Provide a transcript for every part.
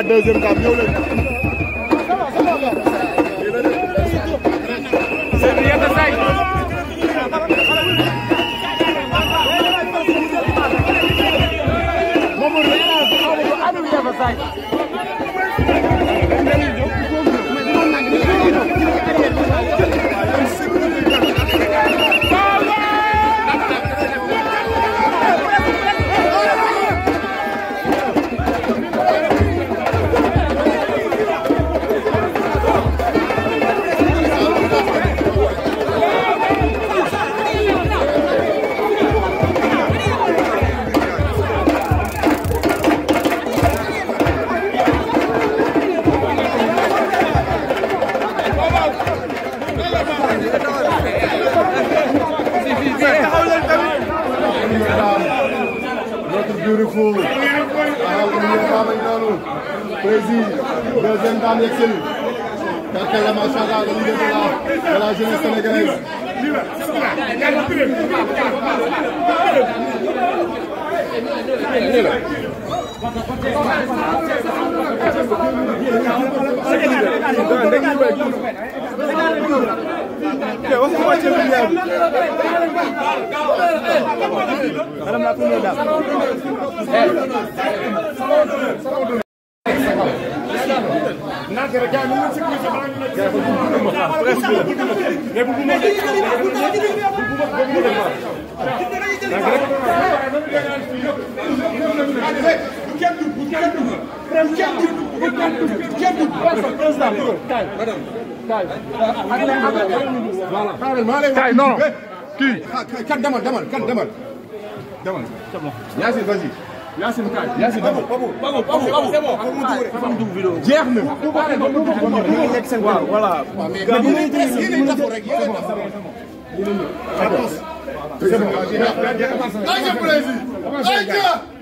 la deuxième cam ñëw leen. moom mooy faut waaw première fois bañ noonu président deuxième dame yegg seen kàrkalla macha allah le leader de la de la jeunesse sénégalaise. Thank you. Madame la première dame. Presque. C'est non non kii. kan demal demal kan demal. vas-y. c'est bon.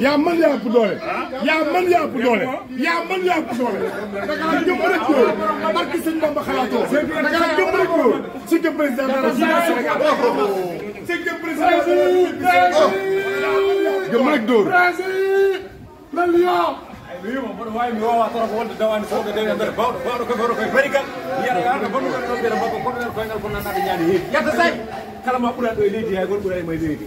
yaa mën yaa ëpp doole. yaa mën yaa ëpp doole. yaa mën yaa ëpp doole. da ngaa jëm rek yow. barke sëñ Bamba xalaatoo. da ngaa jëm rek yow. sëñ jëm président de la Sénégal. sëñ jëm président de la Sénégal. jëm rek dóor. miwima mboɗo wawi mi wowa toro ko wonde dawani sowde dewi e nder bawɗo bawɗo koye oɗo koye barigal yiyata yarata bonnugal ɗon ɓeɗa mbabba koɗoɗen koyngal ko nannaɗo ñaani heewi yetta say kala ma ɓuura ɗo e leydi hay goto ɓuura e ma e leydi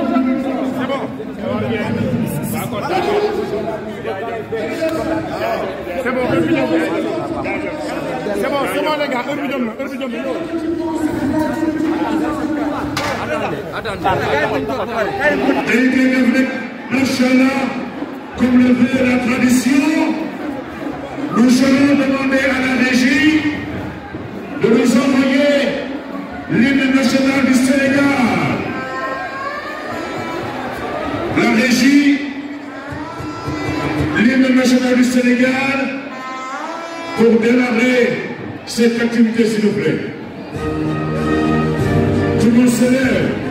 C'est bon, C'est bon, c'est bon les gars, le comme le veut la tradition, le chemin demandait à la régie de pour démarrer cette activité, s'il vous plaît. Tout le monde se lève.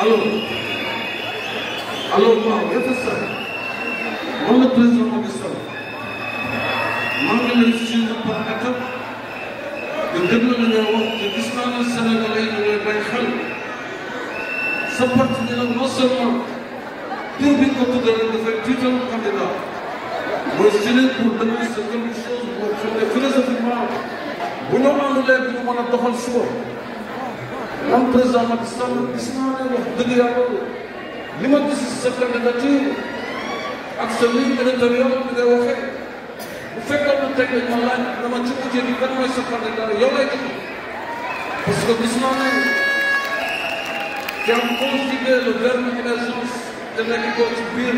allo allo waaw سنة ليل ما يخل سبرت لنا مصر تربي كنت دارين دفعي تيجا مقابلة ويستلت بردنا يستلقل الشوز وشوز فرزة في المعرض ولو ما نلاقي بلو ما ندخل شوه لم تزال مكسرة بسمعنا وحدد يا رب لما تسي السكرة نتاتين أكثر من ثلاثة ريال من الوحيد وفكرة من تكلم الله لما تشوف جديد ما يسكر يلا يجي Parce que gis naa ne jàmm conjugué le verbe émergence te nekk ko ci biir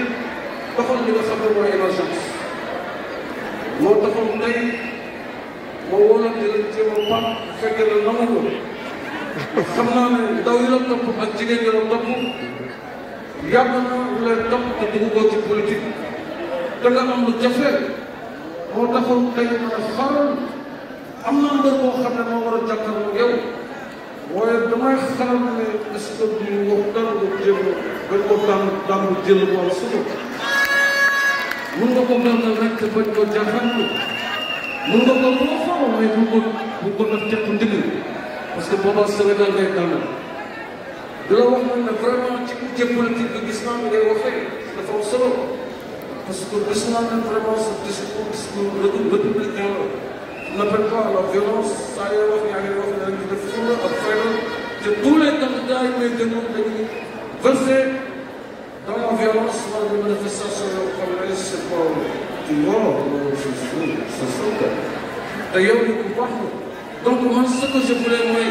taxoon li nga xam ne mooy émergence moo taxoon tey moo wóoroon di leen jéem a baax bu fekkee ne nangu ko xam naa ne ndaw yi la topp ak jigéen yi la topp yàgg na lu leen topp te dugg ko ci politique te nga am jafe moo taxoon tey a faral am na mbër boo xam war a jàkkaarloo yow. waaye damay xaram ne est-ce que duñu wax dara ko jël bañ ko daan daan jël wala suba mun nga ko mel na rek bañ ko jaaxandu mun nga ko mun a faw waaye bu ko bu ko def jàpp ndigg parce que booba Sénégal ngay daanam di la wax na ne vraiment ci ci politique bi gis naa ngay waxee dafa am solo parce que gis naa ne vraiment sa discours discours républicain la ne prennent pas la violence saa yoo wax yaa ngi wax yaa ngi def fulla ak fayda te tous les candidats yi may déglu dañuy verser dans la violence wala des manifestations yoo xam ne c'est pas du mort loolu c'est fou c'est fou te yow li ku baax la donc man ce que je voulais mooy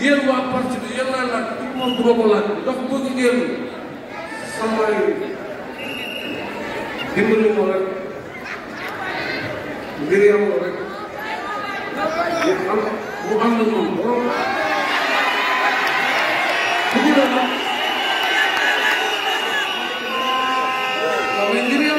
yéen waa parti bi yéen laa laaj tout le monde duma ko laaj ndax bëgg ngeen samay dimbali ma rek mbir yàlla 5학년은 뭐라고? 그기라나 웬일이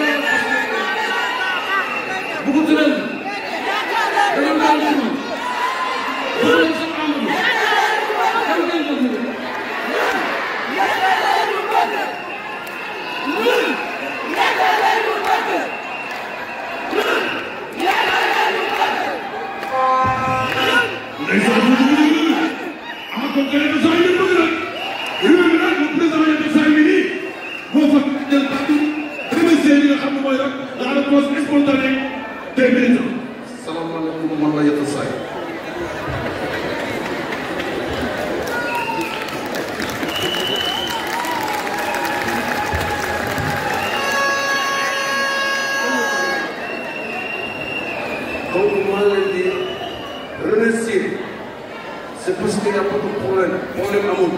qu'il n'y a pas de problème problème amul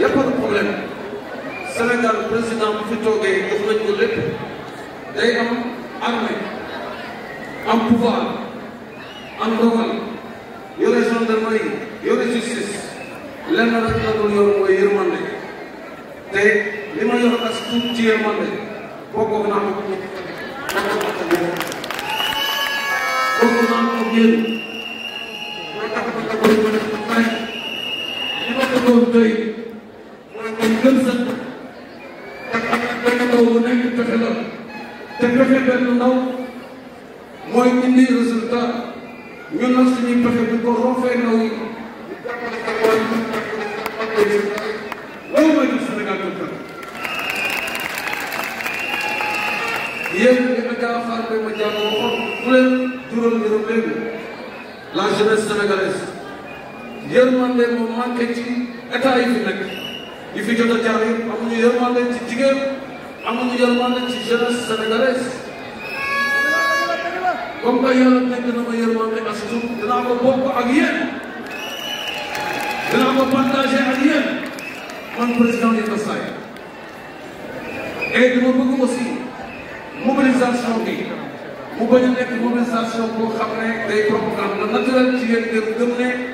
y a pas de problème Sénégal président bu fi toogee jox nañ ko lépp day am. nga koy mën a pare li ma ko doon doy te pexe benn ndaw pexe bu ko roofee ndaw yi ñu jàppale sa bopp ñu jàppale sa bopp yi loolu mooy def Sénégal bu tënk. yéen li yërmande ci état yi fi nekk yi fi jot a jaar yëpp amuñu yërmande ci jigéen amuñu yërmande ci jeunesse sénégalaise comme que yàlla nekk na ma yërmande as tuut dinaa ko bokk ak yéen dinaa ko partagé ak yéen man président yi Kassay et dama bëgg aussi mobilisation bi mu bañ a nekk mobilisation boo xam ne day propagande la naturel ci yéen gëm ne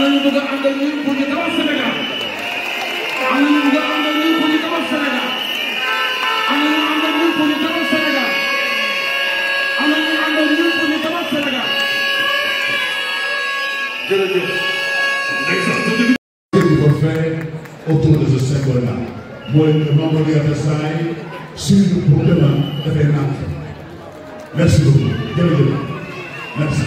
am na ñu bëgg a àndal ñun pour ñu tabax Sénégal am na ñu bëgg a àndal ñun pour ñu tabax Sénégal am na ñu àndal ñun pour ñu tabax Sénégal am na ñu àndal ñun pour ñu tabax Sénégal jërëjëf. Il faut faire autour de ce symbole-là. mooy membre yi affaire saa yi suivre pour demain dafay naan merci beaucoup jërëjëf merci.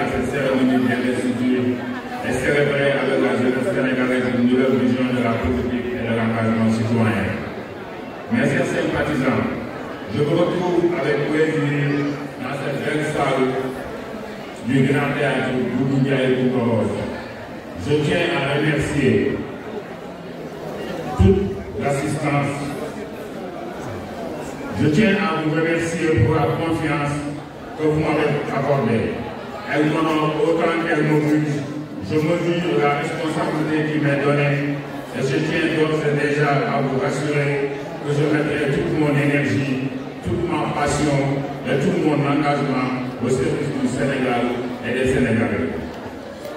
à cette cérémonie bien instituée et célébrer avec la jeunesse sénégalaise une nouvelle vision de la politique et de l'engagement citoyen. Mes chers sympathisants, je vous retrouve avec plaisir dans cette belle salle du Grand Théâtre Bouboudia et Boukoros. Je tiens à remercier toute l'assistance. Je tiens à vous remercier pour la confiance que vous m'avez accordée m'en a autant qu'elle me Je mesure la responsabilité qui m'est donnée et je tiens donc déjà à vous rassurer que je mettrai toute mon énergie, toute ma passion et tout mon engagement au service du Sénégal et des Sénégalais.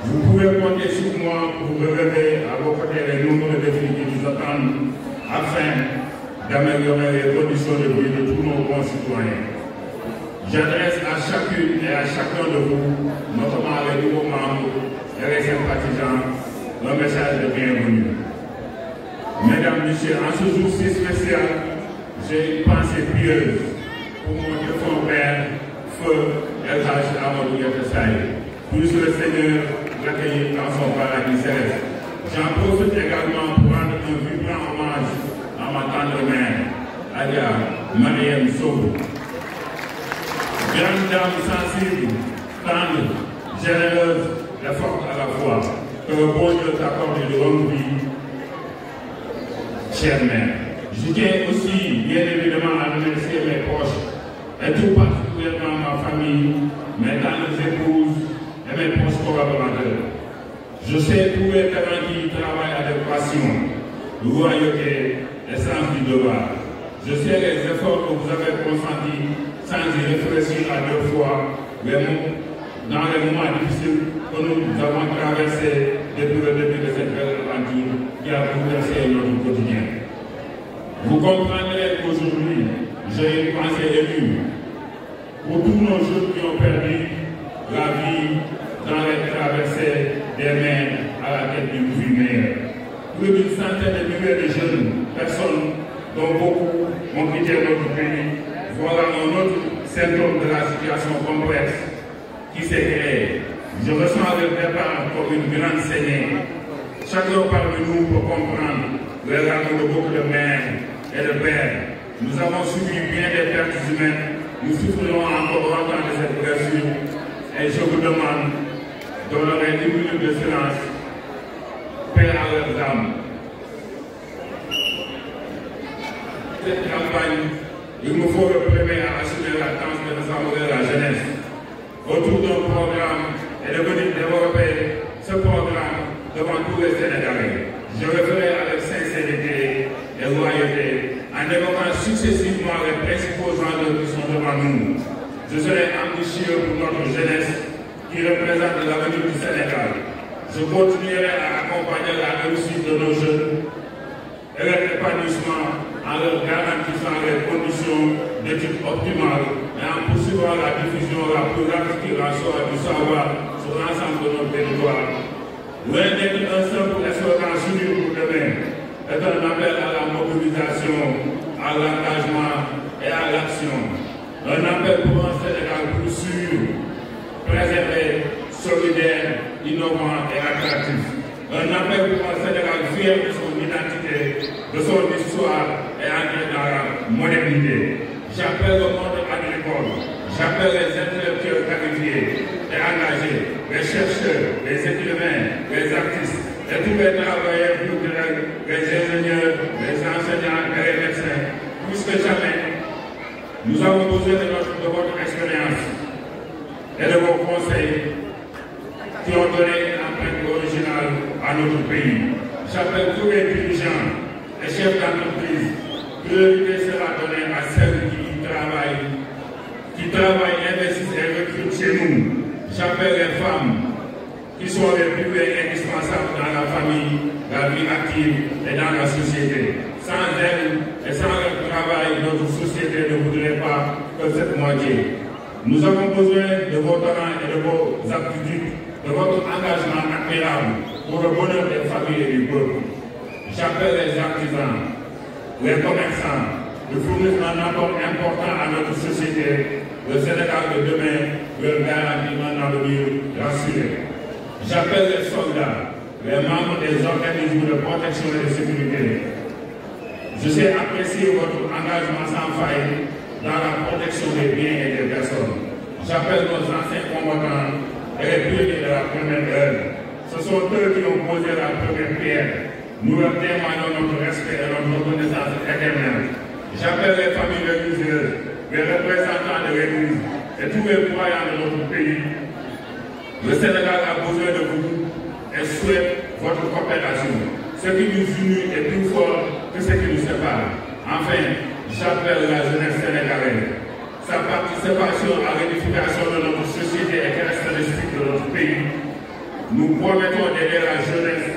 Vous pouvez compter sur moi pour relever à vos côtés les nombreux défis qui nous attendent afin d'améliorer les conditions de vie de tous nos concitoyens. J'adresse à chacune et à chacun de vous, notamment les nouveaux membres et les sympathisants, le message de bienvenue. Mesdames, Messieurs, en ce jour si spécial, j'ai une pensée pieuse pour mon défunt père, Feu El Haj Amadou Salle. Puisse le Seigneur l'accueillir dans son paradis céleste. J'en profite également pour rendre un grand hommage à ma tendre mère, Adia Mariam Sobo. Grande dame sensible, tendre, généreuse et forte à la fois, que le bon Dieu t'accorde de longue chère mère. Je tiens aussi, bien évidemment, à remercier mes proches et tout particulièrement ma famille, mes dames épouses et mes proches collaborateurs. Je sais tous les parents qui travaillent avec passion, loyauté et sens du devoir. Je sais les efforts que vous avez consentis sans y réfléchir à deux fois, mais dans les moments difficiles que nous avons traversés depuis le début de cette aventure qui a bouleversé notre quotidien. Vous comprendrez qu'aujourd'hui, j'ai une pensée élue pour tous nos jeunes qui ont perdu la vie dans les traversées des mers à la tête d'une fumée. Plus d'une centaine de milliers de jeunes personnes, dont beaucoup ont quitté notre pays voilà un autre symptôme de la situation complexe qui s'est créée. Je ressens avec mes parents comme une grande saignée. Chacun parmi nous peut comprendre le rameau de beaucoup de mères et de pères. Nous avons subi bien des pertes humaines. Nous souffrons encore longtemps de cette blessure. Et je vous demande d'honorer 10 minutes de silence. Paix à leurs âmes. Cette campagne il nous faut le premier à la tâche de à la jeunesse. Autour d'un programme et de venir développer ce programme devant tous les Sénégalais. Je le ferai avec sincérité et loyauté en évoquant successivement les principaux enjeux qui sont devant nous. Je serai ambitieux pour notre jeunesse qui représente l'avenir du Sénégal. Je continuerai à accompagner la réussite de nos jeunes et leur épanouissement en leur garantissant les conditions d'études optimales et en poursuivant la diffusion la plus rapide du savoir sur l'ensemble de nos territoires. Loin d'être un simple suivi pour demain, est un appel à la mobilisation, à l'engagement et à l'action. Un appel pour un Sénégal plus sûr, préservé, solidaire, innovant et attractif. Un appel pour un Sénégal fier de son identité, de son histoire dans la modernité. J'appelle le monde agricole, j'appelle les intellectuels qualifiés et engagés, les chercheurs, les étudiants, les artistes, et tous les travailleurs culturels, les ingénieurs, les enseignants les médecins. Plus que jamais, nous avons besoin de, votre expérience et de vos conseils qui ont donné une empreinte originale à notre pays. J'appelle tous les dirigeants les chefs d'entreprise priorité sera donnée à celles qui travaillent, qui travaillent, investissent et recrutent chez nous. J'appelle les femmes qui sont les plus indispensables dans la famille, la vie active et dans la société. Sans elles et sans leur travail, notre société ne voudrait pas que cette moitié. Nous avons besoin de vos talents et de vos aptitudes, de votre engagement admirable pour le bonheur des familles et du peuple. J'appelle les artisans, les commerçants, le fournissement un apport important à notre société, le Sénégal de demain veut dans le avenir rassuré. J'appelle les soldats, les membres des organismes de protection et de sécurité. Je sais apprécier votre engagement sans faille dans la protection des biens et des personnes. J'appelle nos anciens combattants et les pionniers de la première guerre. Ce sont eux qui ont posé la première pierre nous leur témoignons notre respect et notre reconnaissance éternelle. J'appelle les familles religieuses, les représentants de l'Église et tous les croyants de notre pays. Le Sénégal a besoin de vous et souhaite votre coopération. Ce qui nous unit est plus fort que ce qui nous sépare. Enfin, j'appelle la jeunesse sénégalaise. Sa participation à l'édification de notre société est caractéristique de notre pays. Nous promettons d'aider la jeunesse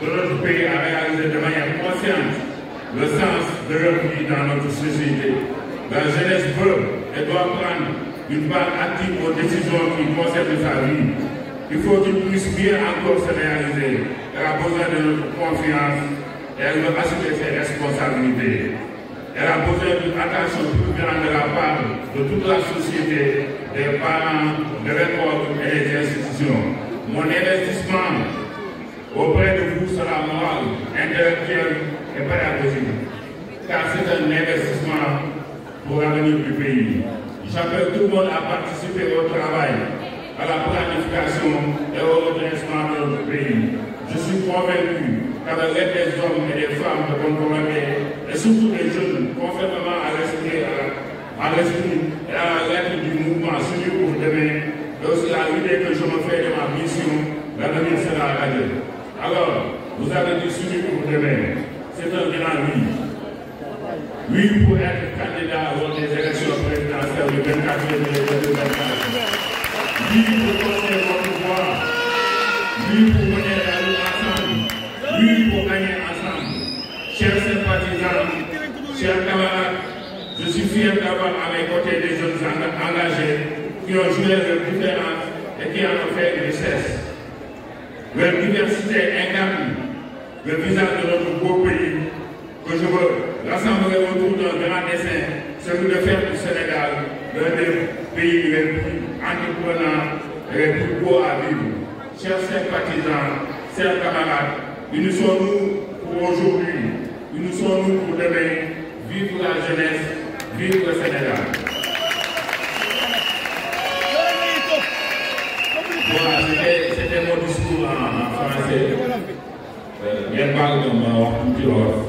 que notre pays à réaliser de manière consciente le sens de leur vie dans notre société. La jeunesse veut et doit prendre une part active aux décisions qui concernent sa vie. Il faut qu'il puisse bien encore se réaliser. Elle a besoin de notre confiance et elle veut assumer ses responsabilités. Elle a besoin d'une attention plus grande de la part de toute la société, des parents, des réformes et des institutions. Mon investissement Auprès de vous sera morale, intellectuelle et pédagogique, car c'est un investissement pour l'avenir du pays. J'appelle tout le monde à participer au travail, à la planification et au redressement de notre pays. Je suis convaincu qu'avec des hommes et des femmes de bonne volonté, et surtout des jeunes, conformément à l'esprit à l'esprit et à l'aide du mouvement celui pour demain, aussi la l'idée que je me fais de ma mission, l'avenir sera gagné. Alors, vous avez dit celui pour vous C'est un grand oui. Oui pour être candidat à aux élections présidentielles du 24 juillet 2024. Oui pour porter votre pouvoir. Oui pour mener la loi ensemble. Oui pour gagner ensemble. Chers sympathisants, chers camarades, je suis fier d'avoir à mes côtés des jeunes engagés qui ont joué leur différence et qui en ont fait une richesse. Leur diversité incarne le visage de notre beau pays que je veux rassembler autour d'un grand dessin, celui de faire du Sénégal l'un des pays les plus entreprenants et les plus beaux à vivre. Chers partisans, chers camarades, ils nous nous pour aujourd'hui, sommes nous pour demain, vive la jeunesse, vive le Sénégal. en français ngeen baal ma wax tuuti wolof